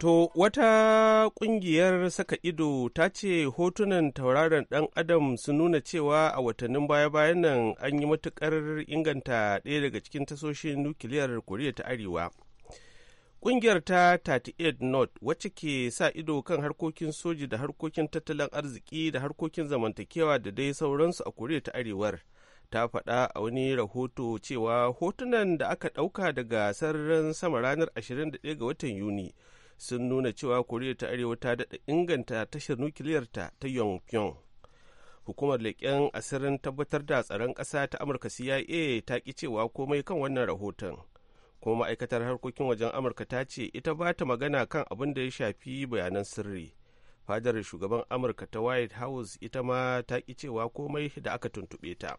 To wata kungiyar saka ido ta ce hotunan tauraron ɗan adam su nuna cewa a watannin baya-bayan nan an yi matuƙar inganta ɗaya daga cikin tasoshin nukiliyar Koriya ta Arewa. kungiyar ta 38 North wacce ke sa ido kan harkokin soji da harkokin tattalin arziki da harkokin zamantakewa da dai sauransu a Koriya ta Arewar. ta faɗa a wani rahoto cewa hotunan da aka ɗauka daga sararin sama ranar 21 ga watan Yuni. sun nuna cewa koriya ta arewa ta daɗa inganta tashar nukiliyarta ta yonpyong hukumar leƙen asirin tabbatar da tsaron ƙasa ta amurka cia ta ƙi cewa komai kan wannan rahoton kuma ma'aikatar harkokin wajen amurka ta ce ita ba ta magana kan abin da ya shafi bayanan sirri fadar shugaban amurka ta white house ita ma ta ƙi cewa komai da aka tuntuɓe ta.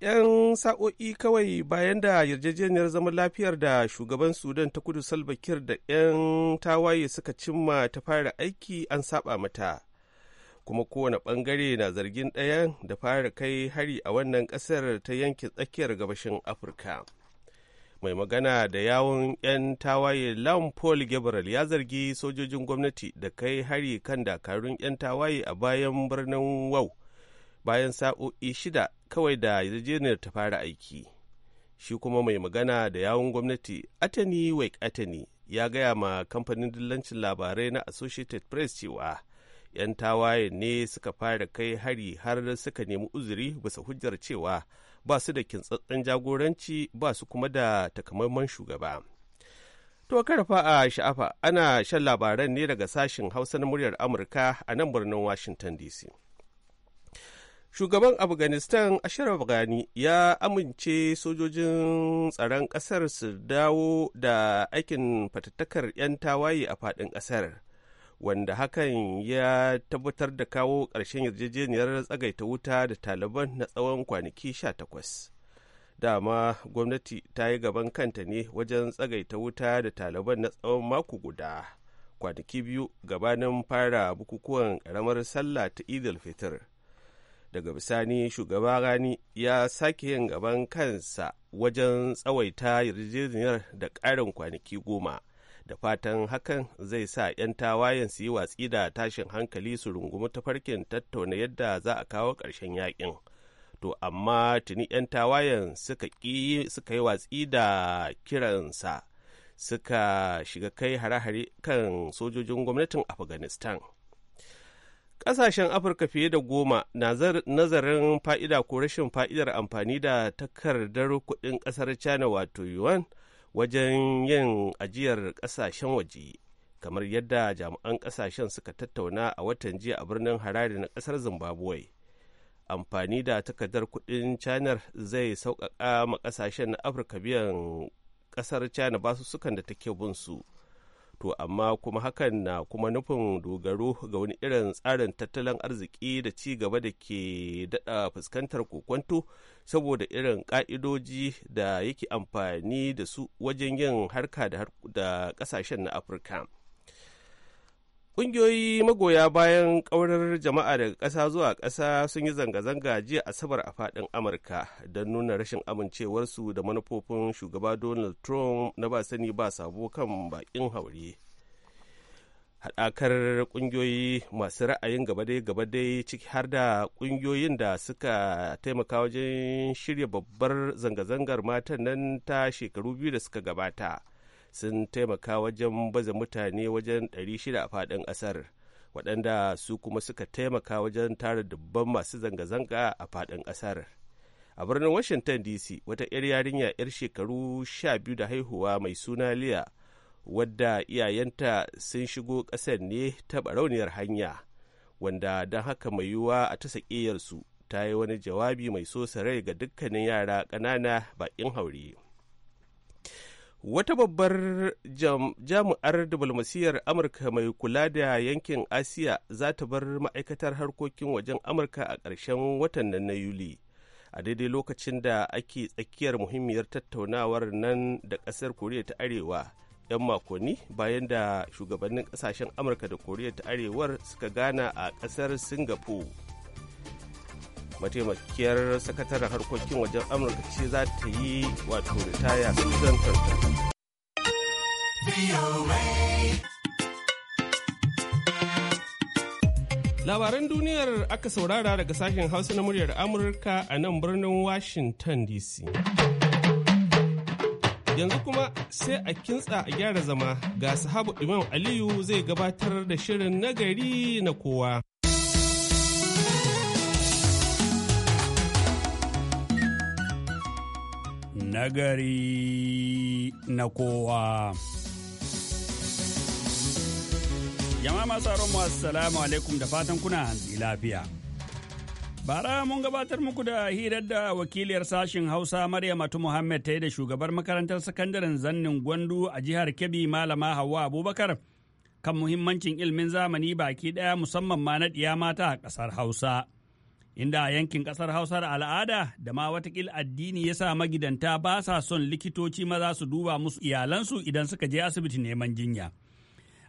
'yan sa'o'i kawai bayan da yarjejeniyar zaman lafiyar da shugaban sudan ta kudu salbakir da 'yan tawaye suka cimma ta fara aiki an saba mata kuma kowane bangare na zargin ɗayan da fara kai hari a wannan ƙasar ta yankin tsakiyar gabashin afirka mai magana da yawon 'yan tawaye lam paul gabriel ya zargi sojojin gwamnati da kai hari kan dakarun 'yan tawaye a bayan birnin wau wow. bayan sa'o'i shida kawai da yarjejeniyar ta fara aiki shi kuma mai magana da yawun gwamnati atani wake atani ya gaya ma kamfanin dillancin labarai na associated press cewa 'yan tawaye ne suka fara kai hari har suka nemi uzuri bisa hujjar cewa ba su da kintsatsen jagoranci ba su kuma da takamaiman shugaba to karfa a sha'afa ana shan labaran ne daga sashen hausa na muryar amurka a nan birnin washington dc shugaban afghanistan ashraf ghani ya amince sojojin tsaron kasar su dawo da aikin fatattakar 'yan tawaye a fadin kasar wanda hakan ya tabbatar da kawo ƙarshen yarjejeniyar tsagaita wuta da taliban na tsawon kwanaki 18 dama gwamnati ta yi gaban kanta ne wajen tsagaita wuta da taliban na tsawon mako guda kwanaki biyu gabanin fara bukukuwan ƙaramar sallah ta idil fitr daga bisani shugaba rani ya sake yin gaban kansa wajen tsawaita yarjejeniyar da ƙarin kwanaki goma da fatan hakan zai sa 'yan tawayen su yi watsi da tashin hankali su rungumi tafarkin tattauna yadda za a kawo ƙarshen yakin to amma tuni 'yan tawayen suka suka yi watsi da kiransa suka shiga kai hare-hare kan sojojin gwamnatin afghanistan Ƙasashen Afirka fiye da goma na nazarin fa'ida ko rashin fa'idar amfani da takardar kuɗin ƙasar China wato yuan wajen yin ajiyar ƙasashen waje, kamar yadda jami'an ƙasashen suka tattauna a watan jiya a birnin Harare na ƙasar Zimbabwe. Amfani da takardar kuɗin China zai sauƙaƙa ma ƙasashen na Afirka biyan ƙasar China sukan da take bin su. to amma kuma hakan na kuma nufin dogaro ga wani irin tsarin tattalin arziki da ci gaba da ke daɗa fuskantar kokwanto saboda irin ƙa'idoji da yake amfani da su wajen yin harka da ƙasashen na afirka Ƙungiyoyi magoya bayan ƙaurar jama'a daga ƙasa zuwa ƙasa sun yi zanga-zanga jiya Asabar a faɗin Amurka don nuna rashin amincewarsu da manufofin shugaba Donald Trump na ba sani ba sabo kan baƙin haure. Haɗakar ƙungiyoyi masu ra'ayin gabadai-gabadai ciki har da ƙungiyoyin da suka taimaka wajen shirya babbar zanga-zangar matan nan ta shekaru biyu da suka gabata. sun taimaka wajen baza mutane wajen 600 a faɗin ƙasar waɗanda su kuma suka taimaka wajen tara dubban masu zanga-zanga a faɗin ƙasar a birnin washington dc wata 'yar yarinya 'yar shekaru 12 da haihuwa mai suna liya wadda iyayenta sun shigo ƙasar ne ta barauniyar hanya wanda don haka mai yiwuwa a ta sakiyarsu ta yi wani jawabi mai so rai ga dukkanin yara ƙanana baƙin haure. wata babbar jami'ar diflomasiyyar amurka mai kula da yankin asiya za ta bar ma'aikatar harkokin wajen amurka a ƙarshen watan nan na yuli a daidai lokacin da ake tsakiyar muhimmiyar tattaunawar nan da ƙasar koriya ta arewa 'yan makonni bayan da shugabannin ƙasashen amurka da koriya ta arewar suka gana a ƙasar singapore mataimakiyar sakataren harkokin wajen amurka ce za ta yi wato ritaya susan labaran duniyar aka saurara daga sashen hausa na muryar amurka a nan birnin washington dc yanzu kuma sai a kintsa a gyara zama ga sahabu imam aliyu zai gabatar da shirin nagari na kowa nagari na kowa. Yama masu mu assalamu alaikum da fatan kuna hanzi lafiya. Bara mun gabatar muku da hirar da wakiliyar sashen Hausa Maryam Atu Muhammad ta yi da shugabar makarantar sakandaren zannin gwandu a jihar Kebbi Malama Hauwa Abubakar kan muhimmancin ilmin zamani baki ɗaya musamman ma na ɗiya mata a ƙasar Hausa. inda a yankin ƙasar da al'ada da ma watakil addini ya sa magidanta ba sa son likitoci maza su duba musu iyalansu idan suka je asibiti neman jinya.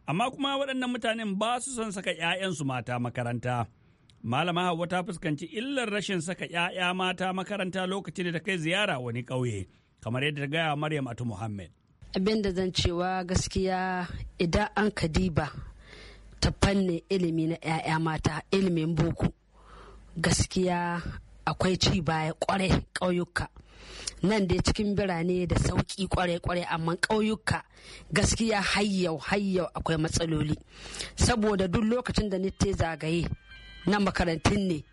Amma kuma waɗannan mutanen ba su son saka 'ya'yansu mata makaranta. Malama Hauwa ta fuskanci illar rashin saka 'ya'ya mata makaranta lokacin da ta kai ziyara wani ƙauye, kamar yadda ta gaya Maryam Atu Muhammad. Abin da zan cewa gaskiya idan an kadiba ta fannin ilimi na 'ya'ya mata ilimin boko gaskiya akwai ci baya kwarai ƙauyuka nan dai cikin birane da sauƙi kwarai-kwarai amma ƙauyuka gaskiya hayyau hayyau akwai matsaloli saboda duk lokacin da nite zagaye na makarantun ne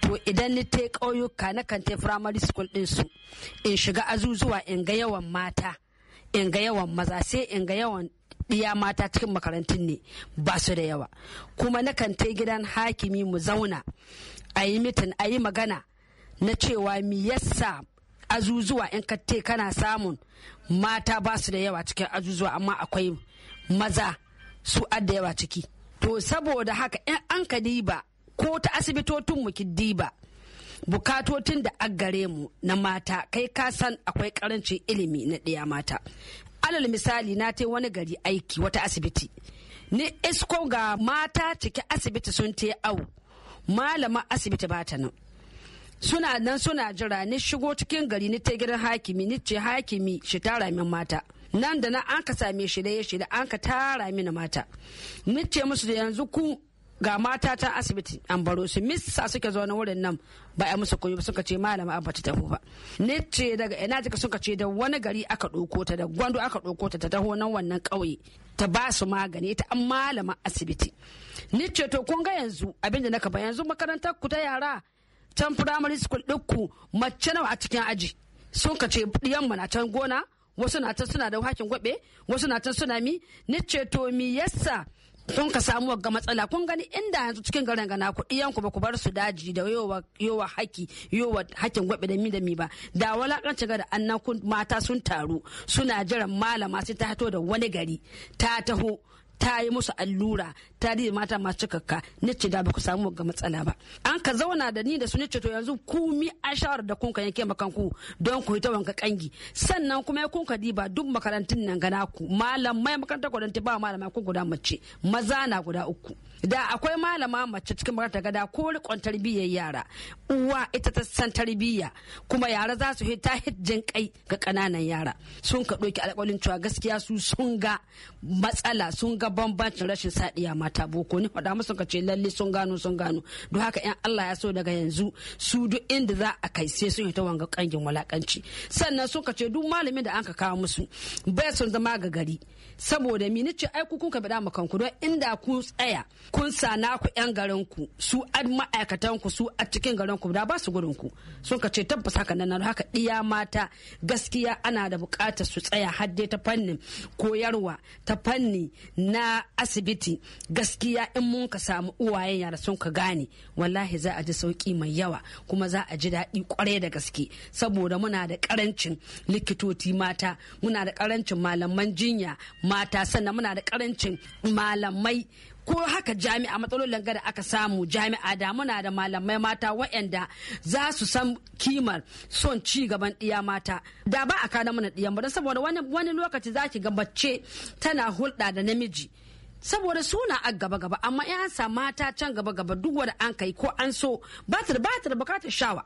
to idan ni te ƙauyuka na kan te primary school ɗinsu in shiga azuzuwa in ga yawan mata in ga yawan maza sai in ga yawan ɗiya mata cikin makarantun ne ba su da yawa kuma na kan gidan hakimi mu zauna a yi mitin a yi magana na cewa mi yasa azuzuwa in katte kana samun mata ba su da yawa cikin azuzuwa amma akwai maza su adda yawa ciki to saboda haka in an ka diba ko ta asibitotin mu ki diba bukatotin da aggare mu na mata kai ka san akwai karancin ilimi na ɗaya mata alal misali na te wani gari aiki wata asibiti ni isko ga mata ciki asibiti sun te au. malama asibiti ba ta nan suna nan suna jira ni shigo cikin gari ni ta gidan hakimi ni ce hakimi shi tara min mata nan da nan an ka same shi da ya shi da an ka tara mini mata ni ce musu da yanzu ku ga mata ta asibiti an baro su missa suke zo na wurin nan ba a musu kuyi suka ce malama abba ta taho ba ni ce daga ina jika suka ce da wani gari aka ɗauko ta da gwando aka ɗauko ta ta taho nan wannan kauye ta ba su magani ta an malama asibiti ni ce to kun ga yanzu abin da na kaba yanzu makarantar ku ta yara can primary school ɗinku mace nawa a cikin aji sun ka ce yamma na can gona wasu na can suna da hakin gwabe wasu na can suna mi ni ce to mi yasa sun ka samu ga matsala kun gani inda yanzu cikin garin gana ku iyan ku ba ku bar su daji da yowa yowa haki yowa hakin gwabe da mi da mi ba da walakanci ga da annan mata sun taru suna jiran malama sai ta hato da wani gari ta taho ta yi musu allura tarihi mata masu cikakka na ce da baku samu ga matsala ba an ka zauna da ni da su ne ce to yanzu ku mi a shawar da kun ka yanke makanku don ku ta wanka kangi sannan kuma kun ka diba duk makarantun nan gana ku malamai makarantar ta ba malamai ku guda mace maza na guda uku da akwai malama mace cikin makarantar gada ko rikon tarbiyyar yara uwa ita ta san tarbiyya kuma yara za su hita hijjin kai ga kananan yara sun ka ɗauki alƙalin cewa gaskiya su sun ga matsala sun ga bambancin rashin sadiya mata mata boko ne faɗa musu ka ce lalle sun gano sun gano don haka yan Allah ya so daga yanzu su duk inda za a kai sai sun ta wanga kangin walakanci sannan sun ka ce duk malamin da an ka kawo musu bai sun zama ga gari saboda mini ce ai ku kun ka bada kanku don inda ku tsaya kun sana ku yan garin ku su ad ma'aikatan ku su a cikin garin ku da ba su gurin ku sun ka ce tabbas haka nan haka iya mata gaskiya ana da bukatar su tsaya hadde ta fannin koyarwa ta fanni na asibiti gaskiya in mun ka samu uwayen yara sun ka gane wallahi za a ji sauki mai yawa kuma za a ji daɗi kwarai da gaske saboda muna da karancin likitoci mata muna da karancin malaman jinya mata sannan muna da karancin malamai ko haka jami'a matsalolin da aka samu jami'a da muna da malamai mata waɗanda za su san kimar son ci gaban ɗiya mata da ba a kana mana ɗiyan ba saboda wani lokaci za ki ga mace tana hulɗa da namiji saboda suna a gaba gaba amma in an mata can gaba gaba duk wanda an kai ko an so ba ta bukatar shawa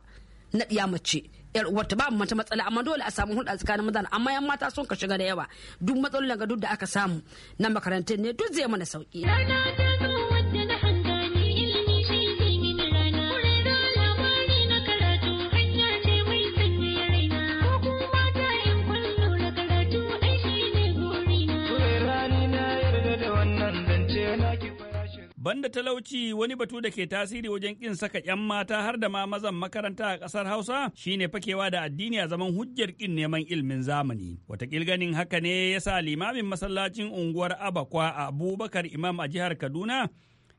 na ɗiya mace yar uwarta babu mata matsala amma dole a samu hulɗa tsakanin maza amma yan mata sun ka shiga da yawa duk matsalolin ga duk da aka samu na makarantar ne duk zai mana sauki. Banda talauci wani batu da ke tasiri wajen ƙin saka 'yan mata har da ma mazan makaranta a ƙasar Hausa shine fakewa da addini a zaman hujjar ƙin neman ilmin zamani. Watakil ganin haka ne ya sa limamin masallacin unguwar Abakwa a Abubakar Imam a jihar Kaduna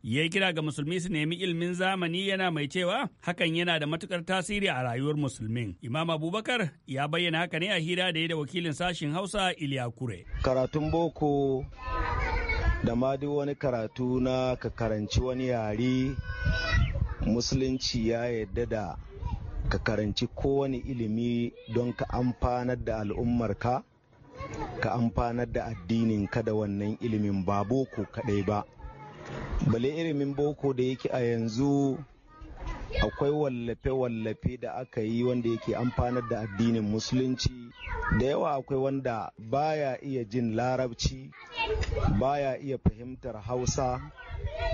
ya yi kira ga musulmi su nemi ilmin zamani yana mai cewa hakan yana da matukar tasiri a rayuwar musulmin imam abubakar ya bayyana haka ne a hira da ya da wakilin sashin hausa iliya kure karatun boko da ma duk wani karatu na ka karanci wani yare musulunci ya yadda da ka karanci kowane ilimi don ka amfanar da al'ummarka ka amfanar da addininka da wannan ilimin ba boko kaɗai ba bale ilimin boko da yake a yanzu akwai wallafe-wallafe da aka yi wanda yake amfanar da addinin musulunci da yawa akwai wanda baya iya jin larabci baya iya fahimtar hausa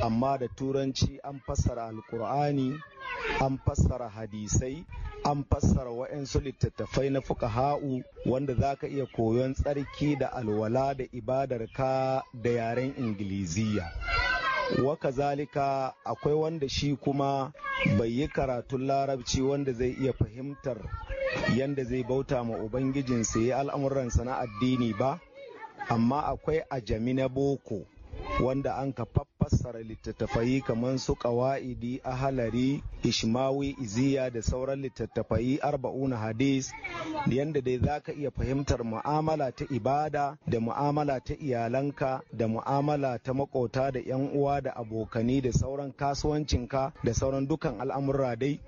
amma da turanci an fassara alkur'ani an fassara hadisai an fassara wa'yansu littattafai na fuka ha'u wanda za ka iya koyon tsarki da alwala da ibadar ka da yaren ingiliziya wakazalika akwai wanda shi kuma bai yi karatun larabci wanda zai iya fahimtar yanda zai bauta ma ubangijinsa ya al'amuransa na addini ba amma akwai ajami na boko wanda an ka faffassara littattafai kamar su ƙawa'idi ahalari ishmawi iziya da sauran littattafai arba'una hadis yanda dai za ka iya fahimtar mu'amala ta ibada da mu'amala ta iyalanka da mu'amala ta makota da 'yan uwa da abokani da sauran kasuwancinka da sauran dukan al'amurra dai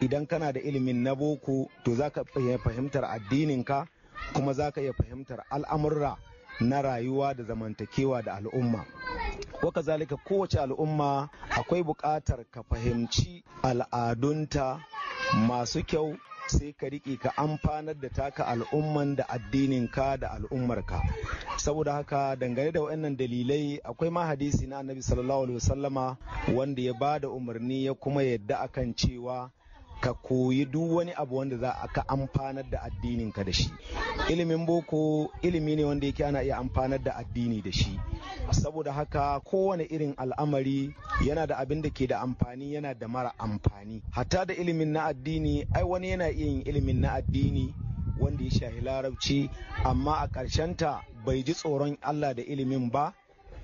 idan kana da ilimin na boko to za ka fahimtar addininka kuma za ka iya fahimtar al'amurra na rayuwa da zamantakewa da al'umma waka zalika kowace al'umma akwai buƙatar ka fahimci al'adunta masu kyau sai ka riƙe ka amfanar da taka al'umman da addininka da al'ummarka saboda haka dangane da waɗannan dalilai akwai ma hadisi na annabi sallallahu alaihi wasallama wanda ya ba da umarni ya kuma yadda akan cewa ka koyi duk wani abu wanda za a ka amfanar da addinin ka da shi ilimin boko ilimi ne wanda yake ana iya amfanar da addini da shi saboda haka kowane irin al'amari yana da abin da ke da amfani yana da mara amfani hatta da ilimin na addini ai wani yana iya yin ilimin na addini wanda ya shahi larabci amma a ta bai ji tsoron Allah da ilimin ba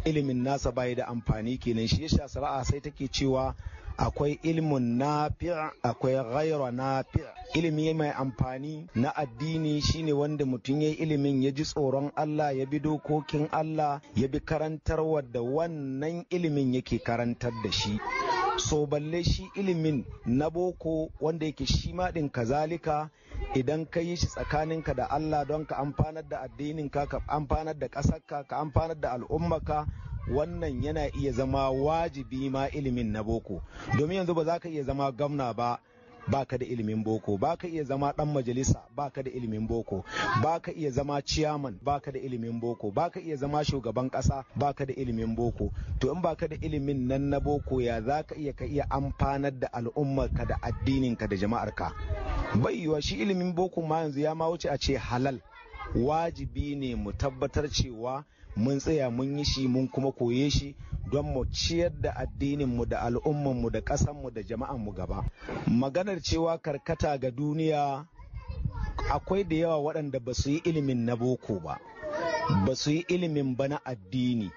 ilimin nasa bai da amfani kenan shi yasa sara'a sai take cewa akwai ilimin nafi' akwai ghaira nafi' ilimi mai amfani na addini shine wanda mutum ya ilimin ya ji tsoron Allah ya bi dokokin Allah ya bi karantarwa da wannan ilimin yake karantar da shi so balle shi ilimin na boko wanda yake shi maɗin kazalika idan ka yi shi tsakaninka da Allah don ka amfanar da addininka ka amfanar da ƙasarka ka amfanar da al'ummaka wannan yana iya zama wajibi ma ilimin na boko domin yanzu ba za ka iya zama gamna ba baka da ilimin boko baka iya zama dan majalisa baka da ilimin boko baka iya zama ciyaman baka da ilimin boko baka iya zama shugaban kasa baka da ilimin boko to in baka da ilimin nan na boko ya zaka iya ka iya amfanar da al'ummarka da addininka da jama'arka bai yiwa shi ilimin boko ma yanzu ya ma wuce a ce halal wajibi ne mu tabbatar cewa mun tsaya mun yi shi mun kuma koye shi don mu ciyar da addininmu da al'ummanmu da ƙasanmu da jama'anmu gaba maganar cewa karkata ga duniya akwai da yawa waɗanda ba su yi ilimin na boko ba ba su yi ilimin ba na addini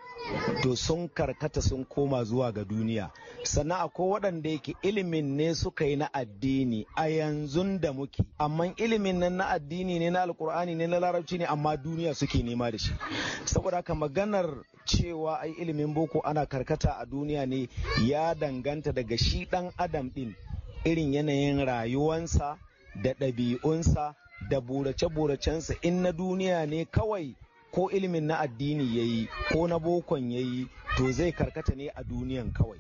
to sun karkata sun koma zuwa ga duniya sannan ko waɗanda yake ilimin ne suka yi na addini a yanzu da muke amma ilimin nan na addini ne na alkur'ani ne na larabci ne amma duniya suke nema da shi saboda haka maganar cewa ai ilimin boko ana karkata a duniya ne ya danganta daga shi ɗan adam ɗin irin yanayin rayuwansa da ɗabi'unsa da burace-buracensa in na duniya ne kawai ko ilimin na addini ya yi ko na bokon ya yi to zai karkata ne a duniyan kawai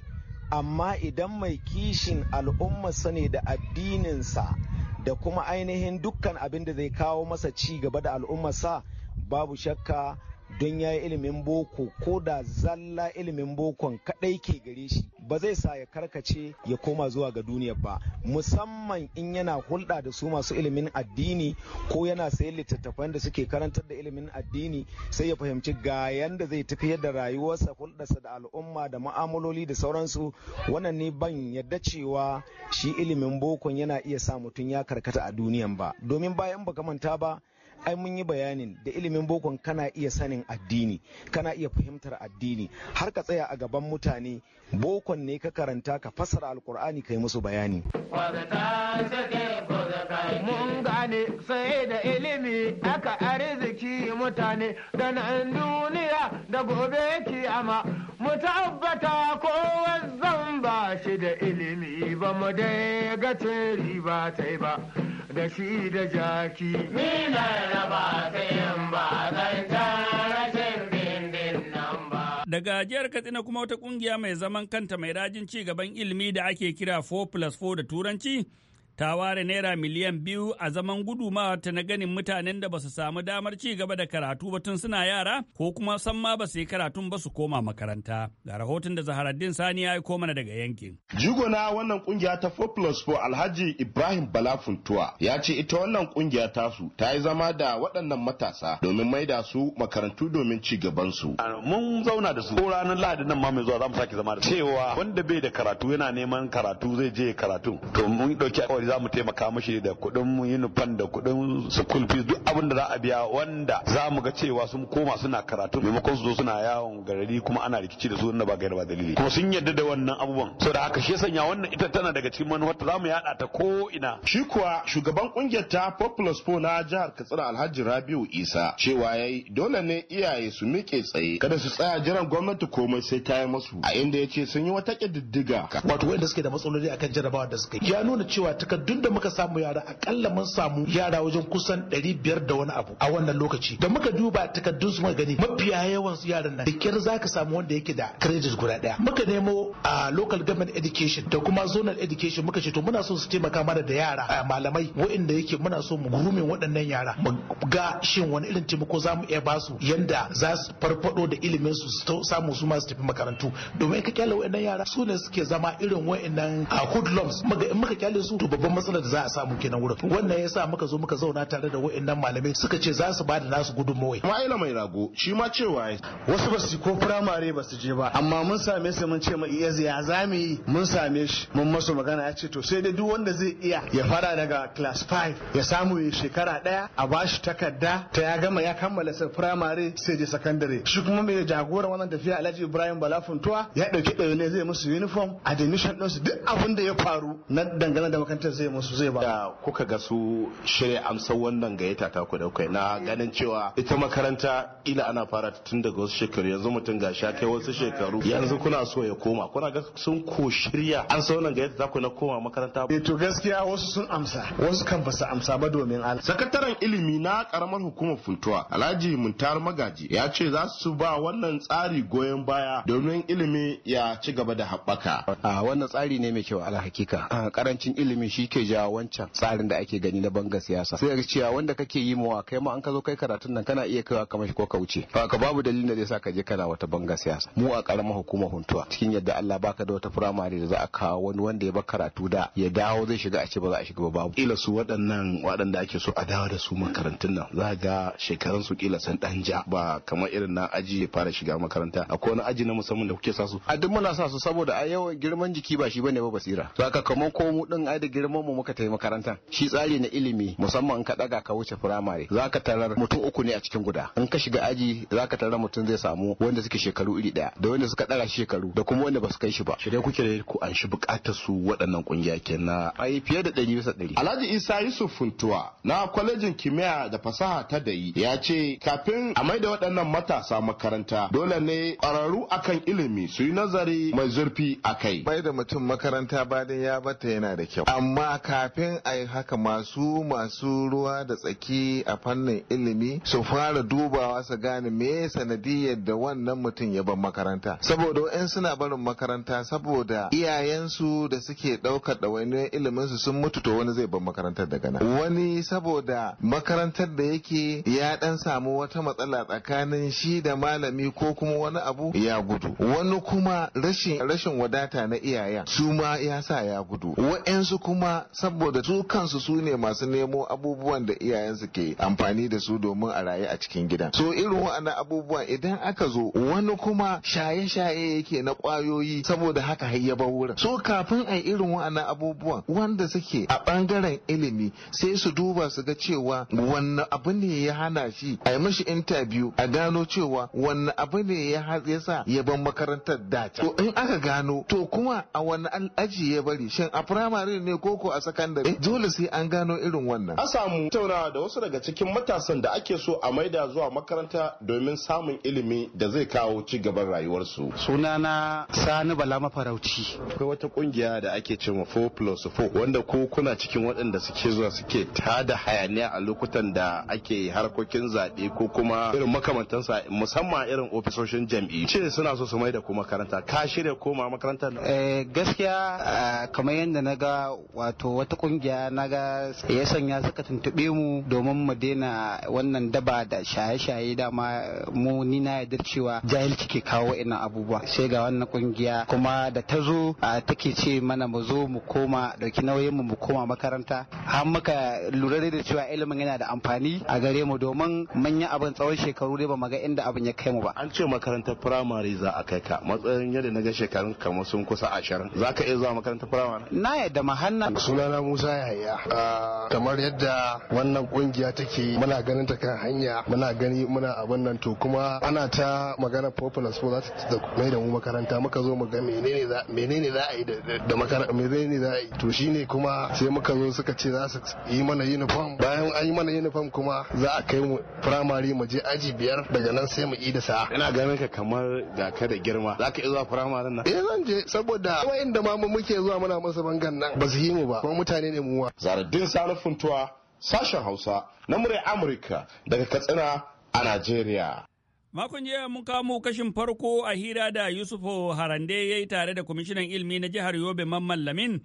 amma idan mai kishin al'ummarsa ne da addininsa da kuma ainihin dukkan abin da zai kawo masa ci gaba da al'ummarsa babu shakka don ya yi ilimin boko ko da zalla ilimin bokon kaɗai ke gare shi ba zai sa ya karkace ya koma zuwa ga duniya ba musamman in yana hulɗa da su masu ilimin addini ko yana sayan littattafan da suke karantar da ilimin addini sai ya fahimci ga yanda zai tafi yadda rayuwarsa hulɗarsa da al'umma da ma'amaloli da sauransu wannan ne ban yadda cewa shi ilimin bokon yana iya sa mutum ya karkata a duniyan ba domin bayan baka manta ba ai mun yi bayanin da ilimin bokon kana iya sanin addini kana iya fahimtar addini har ka tsaya a gaban mutane bokon ne ka karanta ka fassara alkur'ani ka yi musu bayani mun gane sai da ilimi aka arziki mutane da nan duniya da gobe kiyama mu tabbata kowa zan ba shi da ilimi ba mu dai ga riba ta ba da shi da jaki. Ni na raba sayan ba zan cin bindin nan ba. Daga jihar Katsina kuma wata kungiya mai zaman kanta mai rajin ci gaban ilimi da ake kira 4 plus 4 da Turanci. ta ware naira miliyan biyu a zaman gudumawa ta na ganin mutanen da ba su samu damar ci gaba da karatu ba tun suna yara ko kuma san ma ba su yi karatun ba su koma makaranta ga rahoton da zaharaddin sani ya koma mana daga yankin jigona wannan kungiya ta 4 plus 4 alhaji ibrahim bala funtuwa ya ce ita wannan kungiya tasu ta yi zama da waɗannan matasa domin maida su makarantu domin ci gaban su mun zauna da su ko ranar lahadi nan ma mai zuwa za mu sake zama da cewa wanda bai da karatu yana neman karatu zai je karatu to mun dauki za mu taimaka mashi da kuɗin uniform da kuɗin school fees duk abin da za a biya wanda za mu ga cewa sun koma suna karatu maimakon su zo suna yawon garari kuma ana rikici da su ina ba gaira ba dalili kuma sun yarda da wannan abubuwan saboda haka shi sanya wannan ita tana daga cikin manufarta za mu yada ta ko ina shi kuwa shugaban kungiyar ta populous po na jihar katsina alhaji rabiu isa cewa yayi dole ne iyaye su miƙe tsaye kada su tsaya jiran gwamnati komai sai ta yi musu a inda ya ce sun yi wata ƙididdiga wato wanda suke da matsaloli akan jarabawa da suka ya nuna cewa ta takardun da muka samu yara akalla mun samu yara wajen kusan biyar da wani abu a wannan lokaci da muka duba takardun su gani mafiya yawan su yaran nan da kyar zaka samu wanda yake da credit guda daya muka nemo a local government education da kuma zonal education muka ce to muna so su taimaka mana da yara a malamai waɗanda yake muna so mu gurumin waɗannan yara mu ga shin wani irin taimako zamu iya ba su yanda za su farfado da ilimin su su samu su ma su tafi makarantu domin ka kyale waɗannan yara su ne suke zama irin waɗannan hoodlums in muka kyale su to babban babban matsalar da za a samu kenan wurin wannan yasa muka zo muka zauna tare da wayannan malamai suka ce za su ba da nasu gudunmawai ma'aila mai rago shi ma cewa wasu ba su ko firamare ba su je ba amma mun same su mun ce ma iya ya za mu yi mun same shi mun masu magana ya ce to sai dai duk wanda zai iya ya fara daga class 5 ya samu ya shekara daya a bashi takarda ta ya gama ya kammala sai firamare sai je sakandare shi kuma mai jagora wannan tafiya Alhaji Ibrahim Balafuntuwa ya dauki dauke ne zai musu uniform admission su duk abin da ya faru na dangane da makantar zai musu zai ba da kuka ga su shirya amsa wannan gayyata ta ku daukai na ganin cewa ita makaranta ila ana fara tun daga wasu shekaru yanzu mutum ga sha kai wasu shekaru yanzu kuna so ya koma kuna ga sun ko shirya an sa wannan gayyata ta ku na koma makaranta eh to gaskiya wasu sun amsa wasu kan ba su amsa ba domin Allah sakataren ilimi na karamar hukumar funtuwa Alhaji Muntar Magaji ya ce za su ba wannan tsari goyon baya domin ilimi ya ci gaba da haɓaka a wannan tsari ne mai kyau alhakika karancin ilimi shi kake ke jawo wancan tsarin da ake gani na bangar siyasa sai ga cewa wanda kake yi mawa kai ma an ka zo kai karatun nan kana iya kaiwa kamar shi ko ka wuce ba ka babu dalilin da zai sa ka je kana wata bangar siyasa mu a karamar hukumar huntuwa cikin yadda Allah baka da wata firamare da za a kawo wani wanda ya bar karatu da ya dawo zai shiga a ce ba za a shiga ba babu kila su waɗannan waɗanda ake so a dawo da su makarantun nan za ga shekarun su kila san dan ja ba kamar irin na aji ya fara shiga makaranta akwai wani aji na musamman da kuke sa su a duk muna sa su saboda a yawan girman jiki ba shi bane ba basira saka kamar ko mu din ai malaman mu muka tafi makarantar shi tsari na ilimi musamman in ka daga ka wuce firamare za ka tarar mutum uku ne a cikin guda in ka shiga aji za ka tarar mutum zai samu wanda suke shekaru iri daya da wanda suka daga shekaru da kuma wanda ba su kai shi ba shi dai kuke da ku an shi bukatar su waɗannan kungiya kenan ai fiye da ɗari ɗari Alhaji Isa Yusuf Funtuwa na kwalejin kimiyya da fasaha ta dayi ya ce kafin a mai da waɗannan matasa makaranta dole ne ƙwararru akan ilimi su yi nazari mai zurfi a kai bai da mutum makaranta bayan ya bata yana da kyau amma amma kafin a yi haka masu masu ruwa da tsaki a fannin ilimi su fara dubawa su gane me sanadiyar da wannan mutum ya ban makaranta saboda wa'in suna barin makaranta saboda iyayensu da suke ɗaukar ɗawainiyar su sun mutu to wani zai ban makarantar daga nan wani saboda makarantar da yake ya ɗan samu wata matsala tsakanin shi da malami ko kuma wani abu ya gudu wani kuma rashin rashin wadata na iyayen su ma ya sa ya gudu wa'yansu kuma kuma saboda su kansu su ne masu nemo abubuwan da iyayensu ke amfani da su domin a rayu a cikin gidan so irin wa'annan abubuwan idan aka zo wani kuma shaye-shaye yake na kwayoyi saboda haka har ya wurin so kafin a irin wa'annan abubuwan wanda suke a bangaren ilimi sai su duba su ga cewa wani abu ne ya hana shi a yi mashi interview a gano cewa wani abu ne ya sa ya ban makarantar dace to in aka gano to kuma a wani aji ya bari shin a primary ne ko boko a sakandare dole sai an gano irin wannan an samu tauna da wasu daga cikin matasan da ake so a maida zuwa makaranta domin samun ilimi da zai kawo ci gaban rayuwarsu sunana sani bala mafarauci akwai wata kungiya da ake cewa 4 plus 4 wanda ko kuna cikin waɗanda suke zuwa suke tada hayaniya a lokutan da ake harkokin zaɓe ko kuma irin makamantansa musamman irin ofisoshin jam'i ce suna so su maida ko makaranta ka shirya koma makaranta eh, gaskiya eh, kamar yadda na ga wato wata kungiya na ga ya sanya suka tuntube mu domin mu daina wannan daba da shaye-shaye dama mu ni na yadda cewa jahilci ke kawo ina abubuwa sai ga wannan kungiya kuma da ta zo take ce mana mu zo mu koma dauki nauyin mu mu koma makaranta har muka lura da cewa ilimin yana da amfani a gare mu domin manya abin tsawon shekaru dai ba mu ga inda abin ya kai mu ba an ce makarantar firamare za a kai ka matsayin yadda na ga shekarun kamar sun kusa ashirin za ka iya zuwa makarantar firamare na yadda mahanna sunana Musa Yahaya ah, kamar yadda wannan kungiya take muna ganin ta kan hanya muna gani muna abin nan to kuma ana ta magana popular school za ta mai da mu makaranta muka zo mu ga menene za menene za a yi da makaranta menene za a yi to shine kuma sai muka zo suka ce za su yi mana uniform bayan an yi mana uniform kuma za a kai mu primary mu je aji biyar daga nan sai mu yi da sa. ina ganin ka kamar da ka da girma za ka iya zuwa primary nan eh zan je saboda wayan da ma muke zuwa muna masa bangan nan ba su yi mu ba kuma mutane ne muwa zaradin salafin tuwa sashen hausa na murya amurka daga katsina a najeriya Makon jiya mun kamo kashin farko a hira da yusuf Harande ya yi tare da kwamishinan ilimi na jihar Yobe Mamman Lamin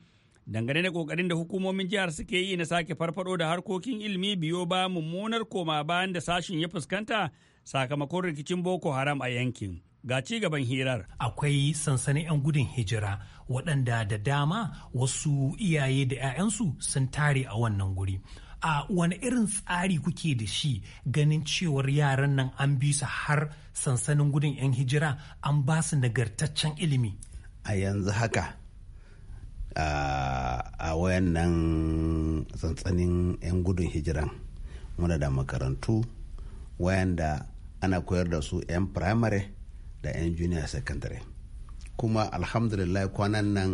dangane da kokarin da hukumomin jihar suke yi na sake farfado da harkokin ilimi biyo ba mummunar koma bayan da sashin ya fuskanta sakamakon rikicin Boko Haram a yankin. Ga ci gaban hirar. Akwai sansanin 'yan gudun hijira waɗanda da dama wasu iyaye da 'ya'yansu sun tare a wannan guri. a wani irin tsari kuke da shi ganin cewar yaran nan an bi su har sansanin gudun 'yan hijira an ba su nagartaccen ilimi a yanzu haka a wayan sansanin 'yan gudun hijira muna da makarantu wayanda ana koyar da su 'yan firamare da 'yan junior secondary kuma alhamdulillah kwanan nan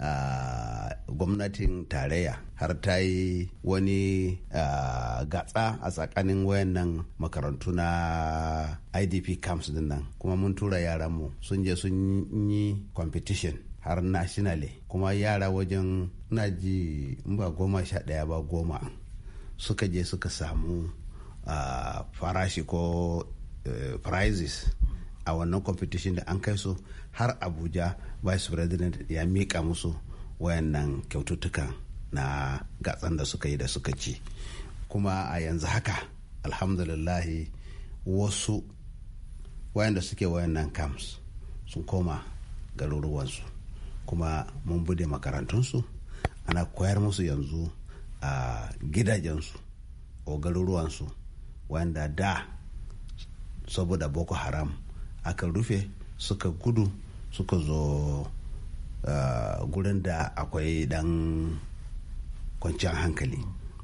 uh, gwamnatin tarayya har ta yi wani uh, gatsa a tsakanin wayannan makarantu na idp camps din nan kuma mun tura mu. sun je sun yi competition har nationally kuma yara wajen na ji ba goma sha daya ba goma suka je suka samu farashi uh, ko eh, prizes a wannan competition da an kai su har abuja vice president ya mika musu wayannan kyaututtuka na gatsan da suka yi da suka ci kuma a yanzu haka alhamdulillahi wasu wayanda suke wayannan camps sun koma garuruwansu kuma mun bude makarantunsu ana koyar musu yanzu a gidajensu o garuruwansu wayanda da saboda boko haram aka rufe suka gudu suka zo gurin da akwai dan kwanciyar hankali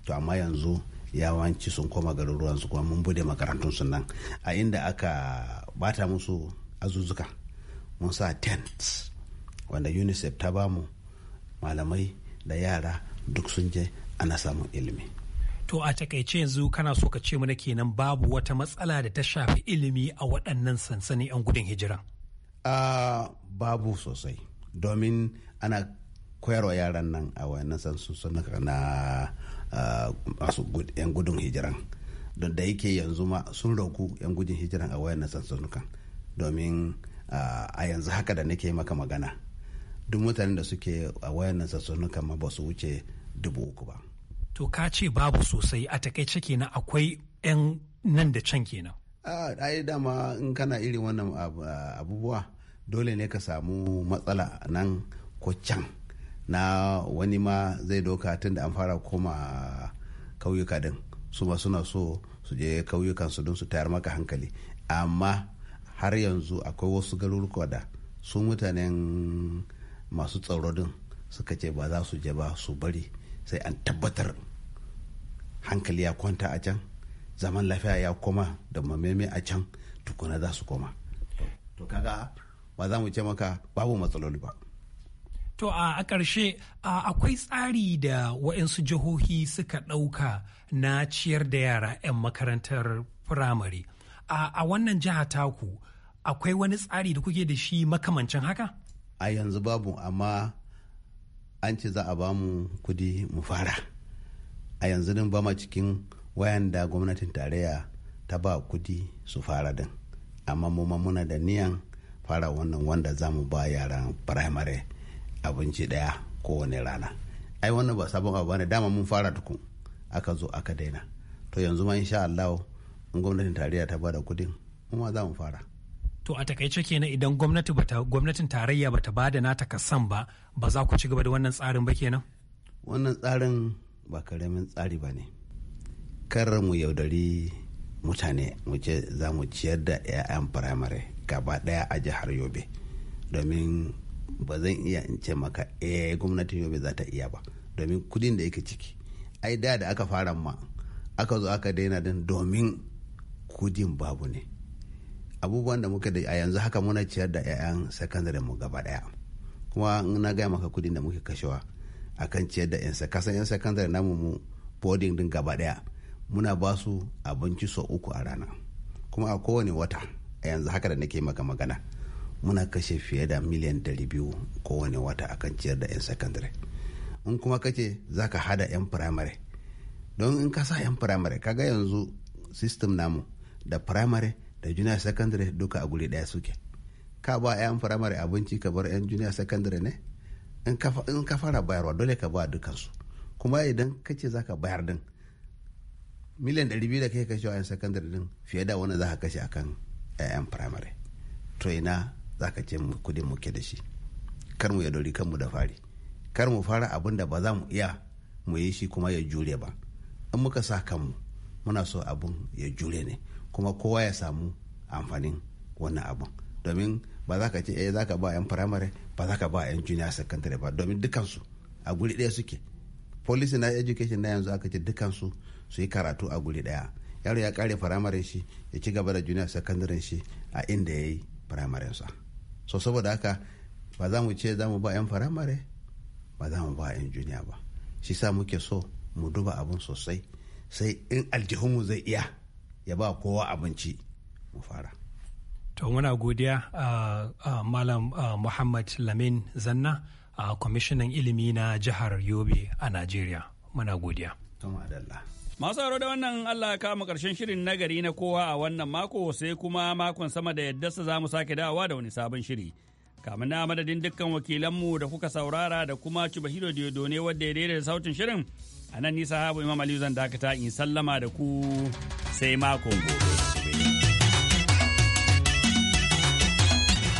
to amma yanzu yawanci sun koma garuruwan su kuma mun bude makarantun su nan a inda aka bata musu azuzuka mun sa tent wanda unicef ta bamu malamai da yara duk sun je ana samun ilimi To a takaice yanzu kana so ka ce mana kenan babu wata matsala da ta shafi ilimi a waɗannan sansani 'yan gudun hijira. babu sosai domin ana koyarwa yaran nan a wayannan sansunuka na masu uh, yan gudun hijiran don da yake yanzu ma sun roku yan gudun hijiran a wayannan sansunukan domin a yanzu haka da nake maka magana duk mutanen da suke a wayannan sansunukan ma ba su wuce dubu uku ba. to ka ce babu sosai a takaice kenan akwai 'yan nan da can kenan yi dama in kana irin wannan abubuwa dole ne ka samu matsala nan ko can na wani ma zai doka tun da an fara koma kauyuka din su ma suna so su je kauyukan su don su tayar maka hankali amma har yanzu akwai wasu garuruka da su mutanen masu tsaro din suka ce ba za su je ba su bari sai an tabbatar hankali ya kwanta a can zaman lafiya ya koma da mameme a can tukuna za su koma to kaga ba za mu ce maka babu matsaloli ba to a ƙarshe akwai tsari da waɗansu jihohi suka ɗauka na ciyar da yara 'yan makarantar firamare a wannan jiha taku akwai wani tsari da kuke da shi makamancin haka a yanzu babu amma an ce za a bamu kudi mu fara a yanzu din ba ma cikin wayan da gwamnatin tarayya ta ba kudi su fara din amma mu ma muna da niyan fara wannan wanda za mu ba yaran firamare abinci daya kowane rana ai wannan ba sabon abu ne dama mun fara tuku aka zo aka daina to yanzu ma insha Allah in gwamnatin tarayya ta ba da kudin mu ma za mu fara to a takaice kenan idan gwamnati bata gwamnatin tarayya bata ba da nata kasan ba ba za ku ci gaba da wannan tsarin ba kenan wannan tsarin ba karamin tsari ba ne kar mu yaudari mutane mu ce za mu ciyar da 'ya'yan firamare gaba daya a jihar yobe domin ba zan iya in ce maka eh gwamnatin yobe za ta iya ba domin kudin da yake ciki ai da da aka fara ma aka zo aka daina din domin kudin babu ne abubuwan da muka da a yanzu haka muna ciyar da 'ya'yan sakandare mu gaba daya kuma na gaya maka kudin da muke kashewa a kan ciyar da 'yan kasan 'yan sakandare namu mu boarding din gaba daya muna ba su abinci sau uku a rana kuma a kowane wata a yanzu haka da nake maka magana muna kashe fiye da miliyan dari 200 kowane wata a kan ciyar da 'yan sakandare in kuma kace za ka hada 'yan firamare don in ka sa 'yan firamare ga yanzu system namu da firamare da junior secondary duka a guri daya suke ka ba 'yan firamare abinci ka bar 'yan junior secondary ne in ka fara bayarwa dole ka ba dukansu kuma idan ka ce za ka bayar din miliyan 200 da kai kashe a yan din fiye da wani za ka kashe a kan yan firamare to ina za ka ce kudin muke da shi kar mu ya dori mu da fari kar mu fara abin da ba za mu iya mu yi shi kuma ya jure ba in muka sa kanmu muna so abin ya jure ne kuma kowa ya samu amfanin wannan abin domin ba za ka ce eh za ka ba 'yan firamare ba za ka ba 'yan junior secondary ba domin dukansu a guri ɗaya suke policy na education na yanzu aka ce dukansu su yi karatu a guri ɗaya yaro ya kare firamare shi ya ci gaba da junior secondary shi a inda ya yi firamare sa so saboda haka ba za mu ce za mu ba 'yan firamare ba za mu ba 'yan junior ba shi sa muke so mu duba abun sosai sai in aljihunmu zai iya ya ba kowa abinci mu fara To muna godiya a uh, uh, Malam uh, Muhammad Lamin Zanna a kwamishinan ilimi na jihar Yobe a Najeriya. Muna godiya. Masu haro da wannan Allah ya kama karshen shirin nagari na kowa a wannan mako sai kuma makon sama da yadda za mu sake dawowa da wani sabon shiri. Kamin na madadin dukkan wakilanmu da kuka saurara da kuma Cibahiro Diodone wadda ya daidaita sautin shirin a nan nisa habu Imam Aliyu zan dakata in sallama da ku sai makon gobe.